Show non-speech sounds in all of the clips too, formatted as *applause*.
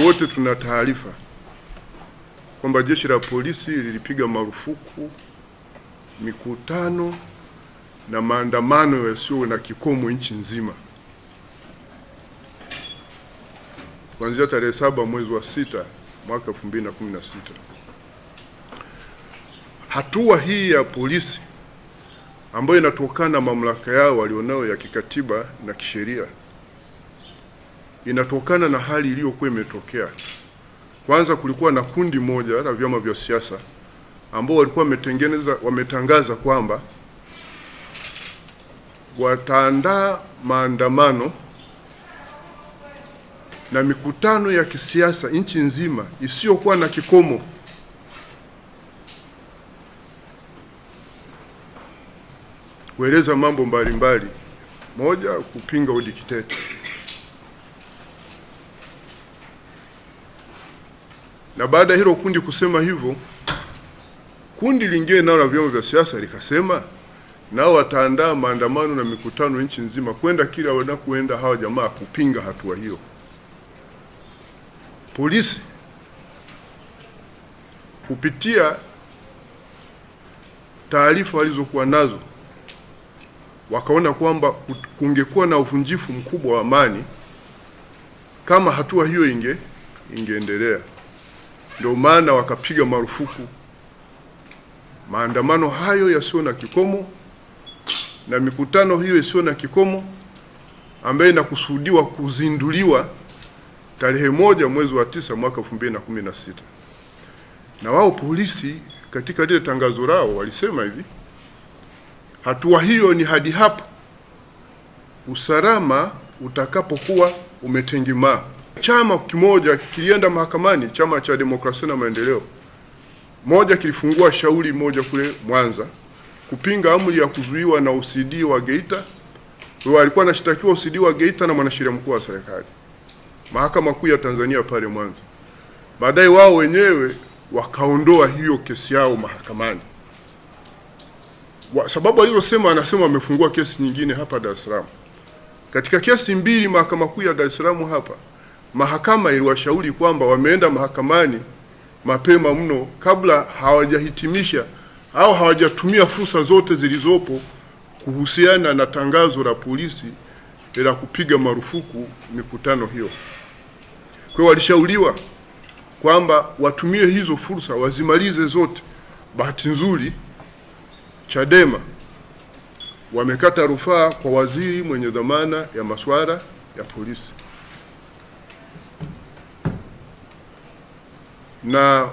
wote tuna taarifa kwamba jeshi la polisi lilipiga marufuku mikutano na maandamano yasiyo na kikomo nchi nzima kuanzia tarehe saba mwezi wa sita mwaka sita. Hatua hii ya polisi ambayo inatokana na mamlaka yao walionayo ya kikatiba na kisheria inatokana na hali iliyokuwa imetokea. Kwanza kulikuwa na kundi moja la vyama vya siasa ambao walikuwa wametengeneza wametangaza kwamba wataandaa maandamano na mikutano ya kisiasa nchi nzima isiyokuwa na kikomo. Kueleza mambo mbalimbali, moja kupinga udikteta Na baada ya hilo kundi kusema hivyo, kundi lingine nao la vyama vya siasa likasema nao wataandaa maandamano na mikutano nchi nzima kwenda kila wanakoenda hawa jamaa kupinga hatua hiyo. Polisi kupitia taarifa walizokuwa nazo wakaona kwamba kungekuwa na uvunjifu mkubwa wa amani kama hatua hiyo inge ingeendelea. Ndio maana wakapiga marufuku maandamano hayo yasiyo na kikomo na mikutano hiyo isiyo na kikomo ambayo inakusudiwa kuzinduliwa tarehe moja mwezi wa tisa mwaka mbili na, kumi na wao polisi katika lile tangazo lao walisema hivi: hatua hiyo ni hadi hapo usalama utakapokuwa umetengemaa chama kimoja kilienda mahakamani, chama cha demokrasia na maendeleo, moja kilifungua shauri moja kule Mwanza kupinga amri ya kuzuiwa na OCD wa Geita. Alikuwa anashtakiwa OCD wa Geita na mwanasheria mkuu wa serikali, mahakama kuu ya Tanzania pale Mwanza. Baadaye wao wenyewe wakaondoa hiyo kesi yao mahakamani wa, sababu alizosema anasema wamefungua kesi nyingine hapa Dar es Salaam. Katika kesi mbili mahakama kuu ya Dar es Salaam hapa mahakama iliwashauri kwamba wameenda mahakamani mapema mno kabla hawajahitimisha au hawajatumia fursa zote zilizopo kuhusiana na tangazo la polisi la kupiga marufuku mikutano hiyo. Kwa hiyo walishauriwa kwamba watumie hizo fursa wazimalize zote. Bahati nzuri, Chadema wamekata rufaa kwa waziri mwenye dhamana ya masuala ya polisi. na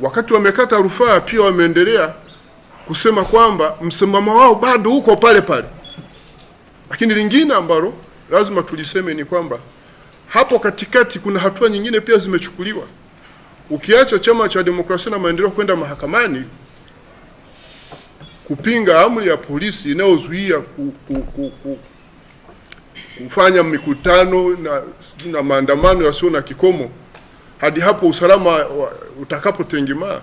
wakati wamekata rufaa pia wameendelea kusema kwamba msimamo wao bado uko pale pale. Lakini lingine ambalo lazima tuliseme ni kwamba hapo katikati kuna hatua nyingine pia zimechukuliwa. Ukiacha chama cha demokrasia na maendeleo kwenda mahakamani kupinga amri ya polisi inayozuia ku, ku, ku, ku, kufanya mikutano na, na maandamano yasiyo na kikomo hadi hapo usalama utakapotengemaa.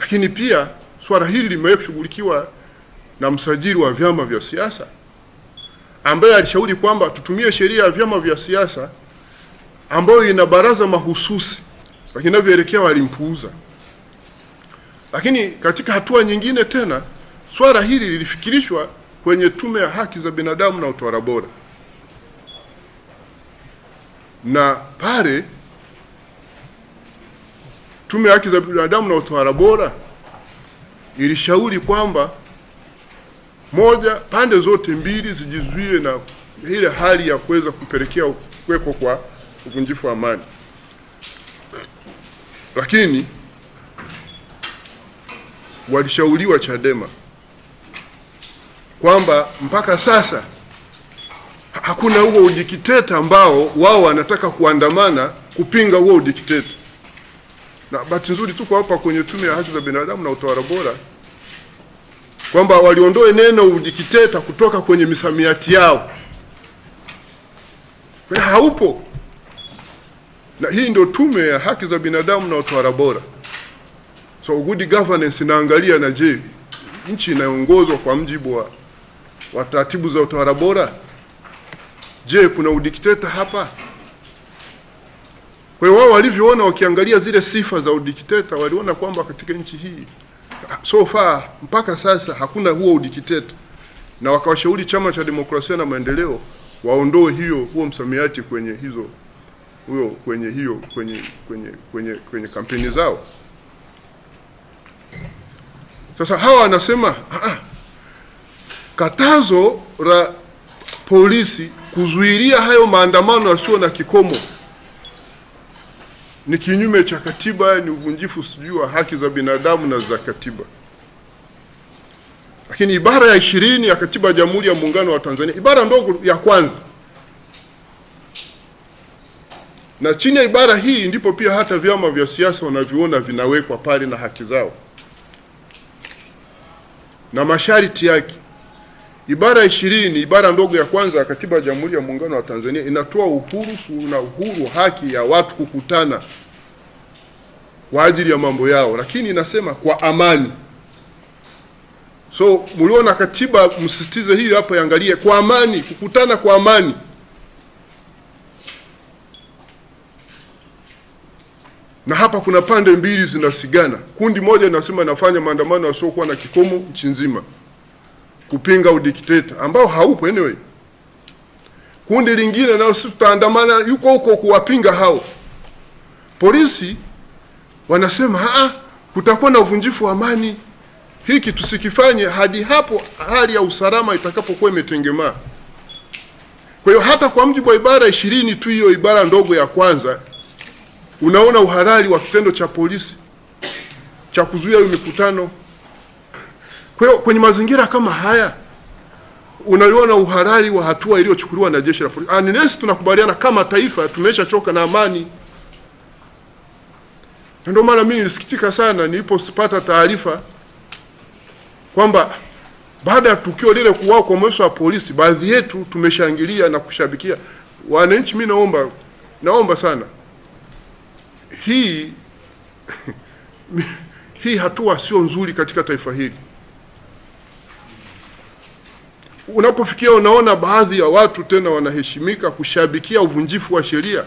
Lakini pia swala hili limewahi kushughulikiwa na msajili wa vyama vya siasa ambaye alishauri kwamba tutumie sheria ya vyama vya siasa ambayo ina baraza mahususi, lakini inavyoelekea walimpuuza. Lakini katika hatua nyingine tena, swala hili lilifikirishwa kwenye Tume ya Haki za Binadamu na Utawala Bora na pale Tume ya Haki za Binadamu na Utawala Bora ilishauri kwamba moja, pande zote mbili zijizuie na ile hali ya kuweza kupelekea kuwepo kwa uvunjifu wa amani, lakini walishauriwa Chadema kwamba mpaka sasa hakuna huo udikiteta ambao wao wanataka kuandamana kupinga huo udikiteta. Na bahati nzuri tuko hapa kwenye Tume ya Haki za Binadamu na Utawala Bora, kwamba waliondoe neno udikiteta kutoka kwenye misamiati yao, haupo. Na hii ndio Tume ya Haki za Binadamu na Utawala Bora. So good governance inaangalia na je, nchi inayoongozwa kwa mjibu wa, wa taratibu za utawala bora, je, kuna udikteta hapa? Kwa hiyo wao walivyoona, wakiangalia zile sifa za udikteta, waliona kwamba katika nchi hii so far mpaka sasa hakuna huo udikteta, na wakawashauri chama cha demokrasia na maendeleo waondoe hiyo huo msamiati kwenye hizo huyo kwenye hiyo kwenye kwenye kwenye kwenye kampeni zao. Sasa hawa wanasema ah, ah, katazo la polisi kuzuilia hayo maandamano yasiyo na kikomo ni kinyume cha katiba, ni uvunjifu sijui wa haki za binadamu na za katiba. Lakini ibara ya ishirini ya katiba ya Jamhuri ya Muungano wa Tanzania, ibara ndogo ya kwanza, na chini ya ibara hii ndipo pia hata vyama vya siasa wanavyoona vinawekwa pale na haki zao na masharti yake. Ibara ishirini ibara ndogo ya kwanza ya Katiba ya Jamhuri ya Muungano wa Tanzania inatoa uhuru na uhuru haki ya watu kukutana kwa ajili ya mambo yao, lakini inasema kwa amani. So mliona katiba, msisitize hiyo hapa, iangalie kwa amani, kukutana kwa amani. Na hapa kuna pande mbili zinasigana. Kundi moja linasema nafanya maandamano yasiokuwa na kikomo nchi nzima kupinga udikteta ambao haupo anyway. Kundi lingine nao sisi tutaandamana yuko huko kuwapinga hao. Polisi wanasema haa, kutakuwa na uvunjifu wa amani, hiki tusikifanye hadi hapo hali ya usalama itakapokuwa imetengemaa. Kwa hiyo hata kwa mjibu wa ibara ishirini tu hiyo ibara ndogo ya kwanza, unaona uhalali wa kitendo cha polisi cha kuzuia hiyo mikutano. Kwa hiyo kwenye mazingira kama haya unaliona uhalali wa hatua iliyochukuliwa na jeshi la polisi. Unless ah, tunakubaliana kama taifa tumeshachoka na amani. Ndio maana mimi nilisikitika sana nilipopata taarifa kwamba baada ya tukio lile kuwao kwa mweso wa polisi, baadhi yetu tumeshangilia na kushabikia. Wananchi, mimi naomba naomba sana hii *laughs* hii hatua sio nzuri katika taifa hili unapofikia unaona baadhi ya watu tena wanaheshimika kushabikia uvunjifu wa sheria,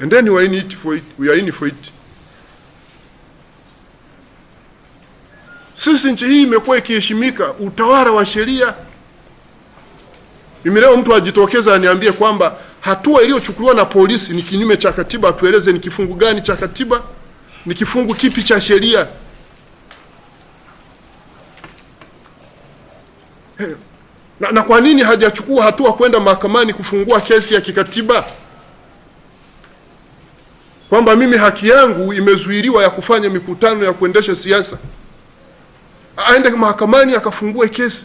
and then we are in it for it, we are in for it. Sisi nchi hii imekuwa ikiheshimika utawala wa sheria. Mimi leo mtu ajitokeza aniambie kwamba hatua iliyochukuliwa na polisi ni kinyume cha katiba, atueleze ni kifungu gani cha katiba, ni kifungu kipi cha sheria. na kwa nini hajachukua hatua kwenda mahakamani kufungua kesi ya kikatiba kwamba mimi haki yangu imezuiliwa ya kufanya mikutano ya kuendesha siasa, aende mahakamani akafungue kesi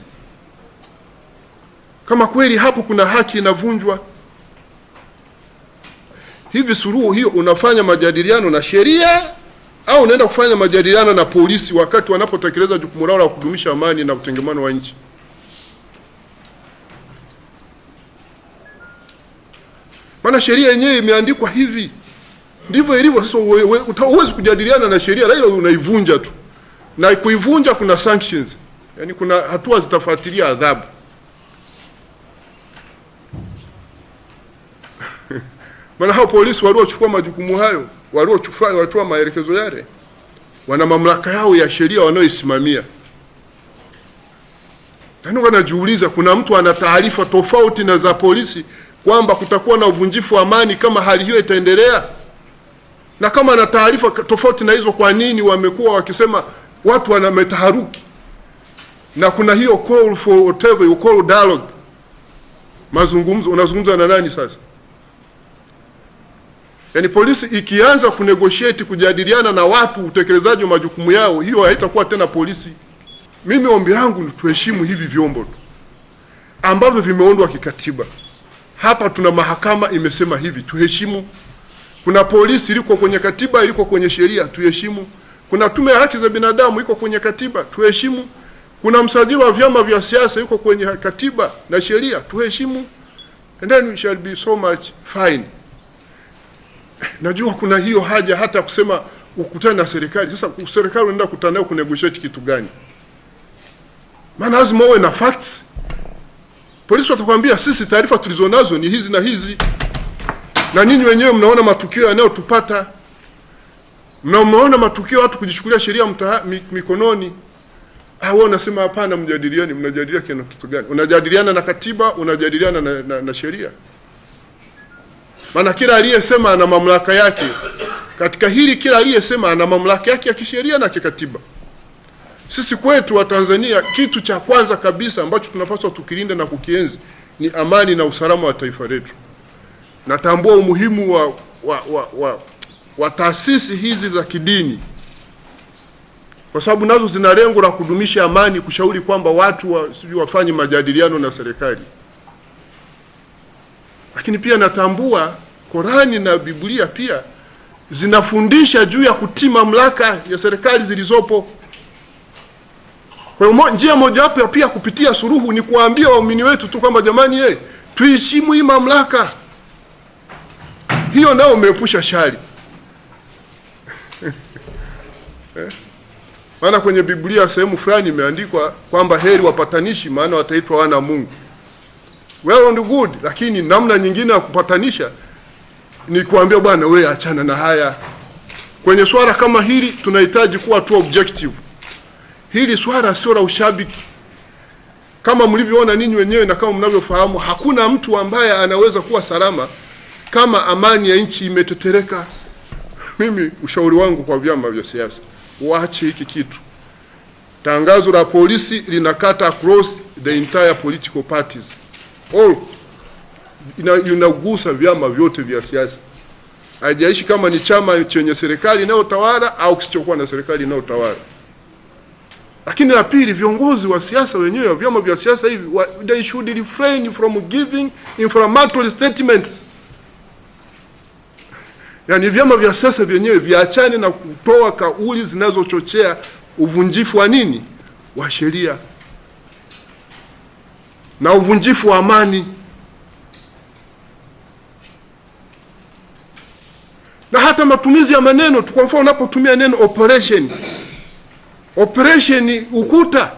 kama kweli hapo kuna haki inavunjwa. Hivi suruhu hiyo unafanya majadiliano na sheria au unaenda kufanya majadiliano na polisi wakati wanapotekeleza jukumu lao la kudumisha amani na utengemano wa nchi? maana sheria yenyewe imeandikwa hivi, ndivyo ilivyo. Sasa huwezi kujadiliana na sheria, laila unaivunja tu, na kuivunja kuna sanctions, yani kuna hatua zitafuatilia adhabu. *laughs* maana hao polisi waliochukua majukumu hayo, waliochukua maelekezo yale, wana mamlaka yao ya sheria wanayoisimamia. Yaani wanajiuliza, kuna mtu ana taarifa tofauti na za polisi kwamba kutakuwa na uvunjifu wa amani kama hali hiyo itaendelea? Na kama na taarifa tofauti na hizo, kwa nini wamekuwa wakisema watu wana metaharuki na kuna hiyo call for whatever you call dialogue, mazungumzo. Unazungumza na nani sasa? Yaani polisi ikianza kunegotiate kujadiliana na watu utekelezaji wa majukumu yao, hiyo haitakuwa tena polisi. Mimi ombi langu ni tuheshimu hivi vyombo tu ambavyo vimeundwa kikatiba. Hapa tuna mahakama imesema hivi, tuheshimu. Kuna polisi iliko kwenye katiba, iliko kwenye sheria, tuheshimu. Kuna tume ya haki za binadamu iko kwenye katiba, tuheshimu. Kuna msajili wa vyama vya siasa yuko kwenye katiba na sheria, tuheshimu. And then we shall be so much fine. Najua kuna hiyo haja hata kusema ukutane na serikali. Sasa serikali unaenda kukutana nayo kunegotiate kitu gani? Maana lazima uwe na facts polisi watakwambia sisi taarifa tulizonazo ni hizi na hizi, na ninyi wenyewe mnaona matukio yanayotupata, na mnaona matukio watu kujichukulia sheria mikononi. Ah, wewe unasema hapana, mjadiliani. Mnajadilia kitu gani? Unajadiliana na katiba, unajadiliana na, na, na sheria. Maana kila aliyesema ana mamlaka yake katika hili, kila aliyesema ana mamlaka yake ya kisheria na kikatiba. Sisi kwetu wa Tanzania, kitu cha kwanza kabisa ambacho tunapaswa tukilinde na kukienzi ni amani na usalama wa taifa letu. Natambua umuhimu wa, wa, wa, wa, wa taasisi hizi za kidini kwa sababu nazo zina lengo la kudumisha amani, kushauri kwamba watu wa, wafanye majadiliano na serikali, lakini pia natambua Korani na Biblia pia zinafundisha juu ya kutii mamlaka ya serikali zilizopo. Kwa hiyo njia mojawapo ya pia kupitia suluhu ni kuwaambia waumini wetu tu kwamba jamani, ye eh, tuishimu hii mamlaka hiyo, nao umeepusha shari *laughs* Maana kwenye Biblia sehemu fulani imeandikwa kwamba heri wapatanishi, maana wataitwa wana Mungu. Well and good, lakini namna nyingine ya kupatanisha ni kuambia bwana, wee achana na haya. Kwenye swala kama hili tunahitaji kuwa tu objective hili swala sio la ushabiki kama mlivyoona ninyi wenyewe na kama mnavyofahamu, hakuna mtu ambaye anaweza kuwa salama kama amani ya nchi imetetereka. Mimi ushauri wangu kwa vyama vya siasa, waache hiki kitu. Tangazo la polisi linakata across the entire political parties all, inagusa vyama vyote vya siasa, haijaishi kama ni chama chenye serikali inayotawala au kisichokuwa na serikali inayotawala. Lakini la pili, viongozi wa siasa wenyewe, vyama vya siasa hivi, they should refrain from giving inflammatory statements. Yani vyama vya siasa vyenyewe viachane na kutoa kauli zinazochochea uvunjifu wa nini, wa sheria na uvunjifu wa amani. Na hata matumizi ya maneno tu, kwa mfano unapotumia neno operation operation ukuta.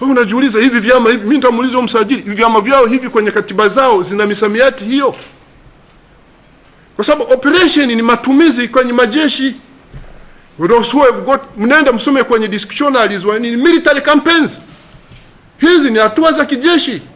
Wewe unajiuliza hivi vyama hivi, mimi nitamuuliza msajili, hivi vyama vyao hivi kwenye katiba zao zina misamiati hiyo? Kwa sababu operation ni matumizi kwenye majeshi. Those mnaenda msome kwenye dictionaries wa military campaigns. Hizi ni hatua za kijeshi.